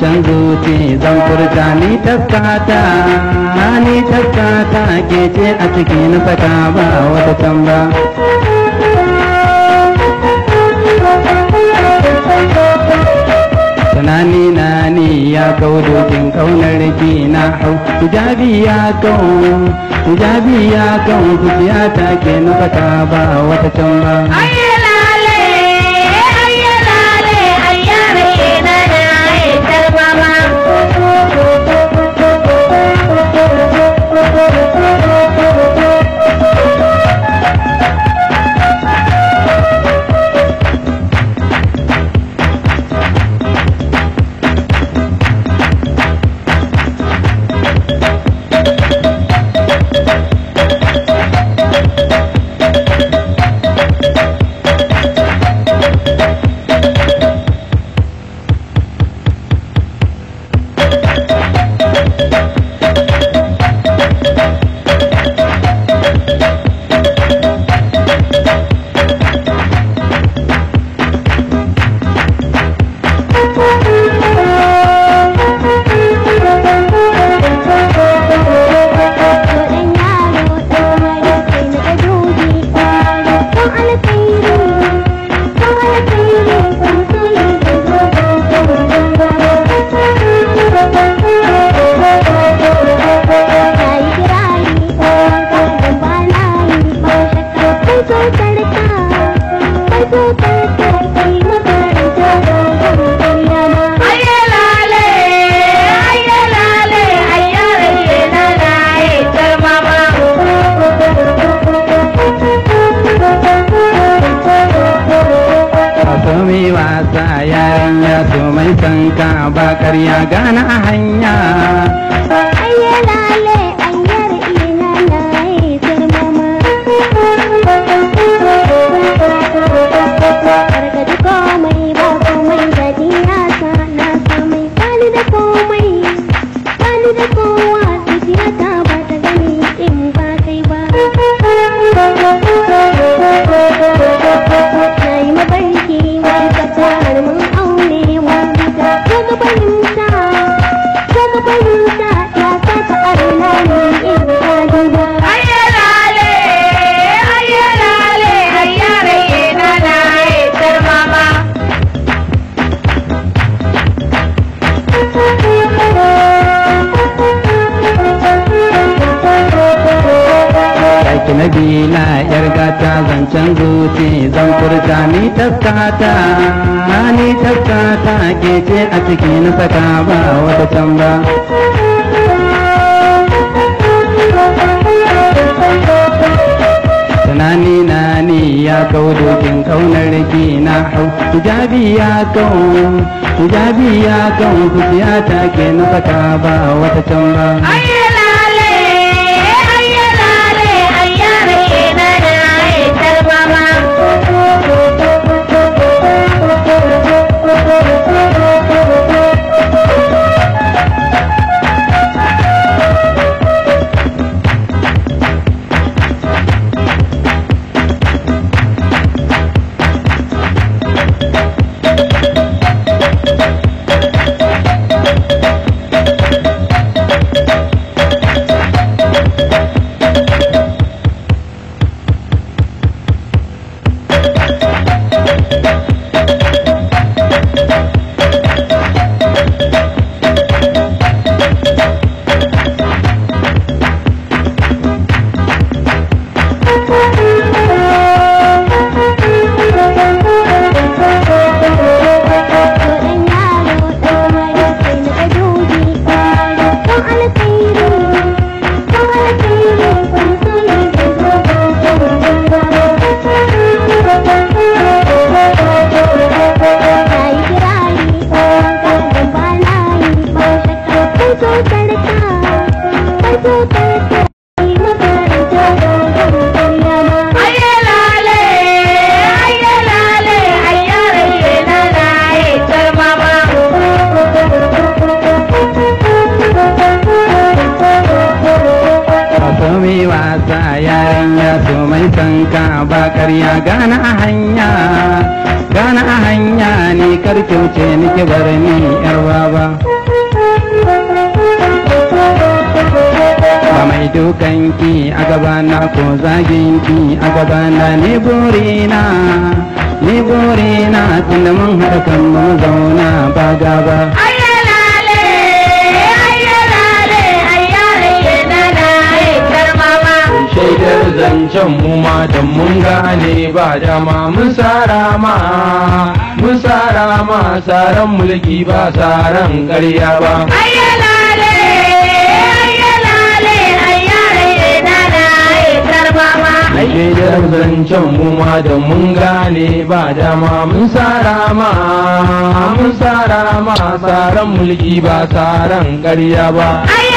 चंदूर जानी थका थका गेजे अचकिन पटावा चंबा नानी नानी या कौ कौ नड़की ना हो तुझा भी या कौ तुझा भी या कौ तुझा था के न पटावा Chamba sa yayan ya so mai sanka ba karya gana a hanya. Soyayya lale ki nabila yar gata zancen zuci zan furta ni taskata ni taskata ke ce a ciki na saka ba wata can ba tunani na ni ya kau dokin kaunar ki na hau hijabi ya kau hijabi ya kan kuciya take na saka ba wata can ba dariya gana a hanya gana a hanya ne kyauce niki bar ni yar baba ba mai dukanki a gabana ko zaginki a gabana ne burina ne burina tunda mun haɗa kan mu zauna ba gaba can mu ma da mun gane ba dama mun sarama ma mun sara ma saran mulki ba saran ƙarya ba ayyalale ayyalale ayyare na na da mu ma da mun gane ba dama mun sara ma mun sarama ma saran mulki ba saran ƙarya ba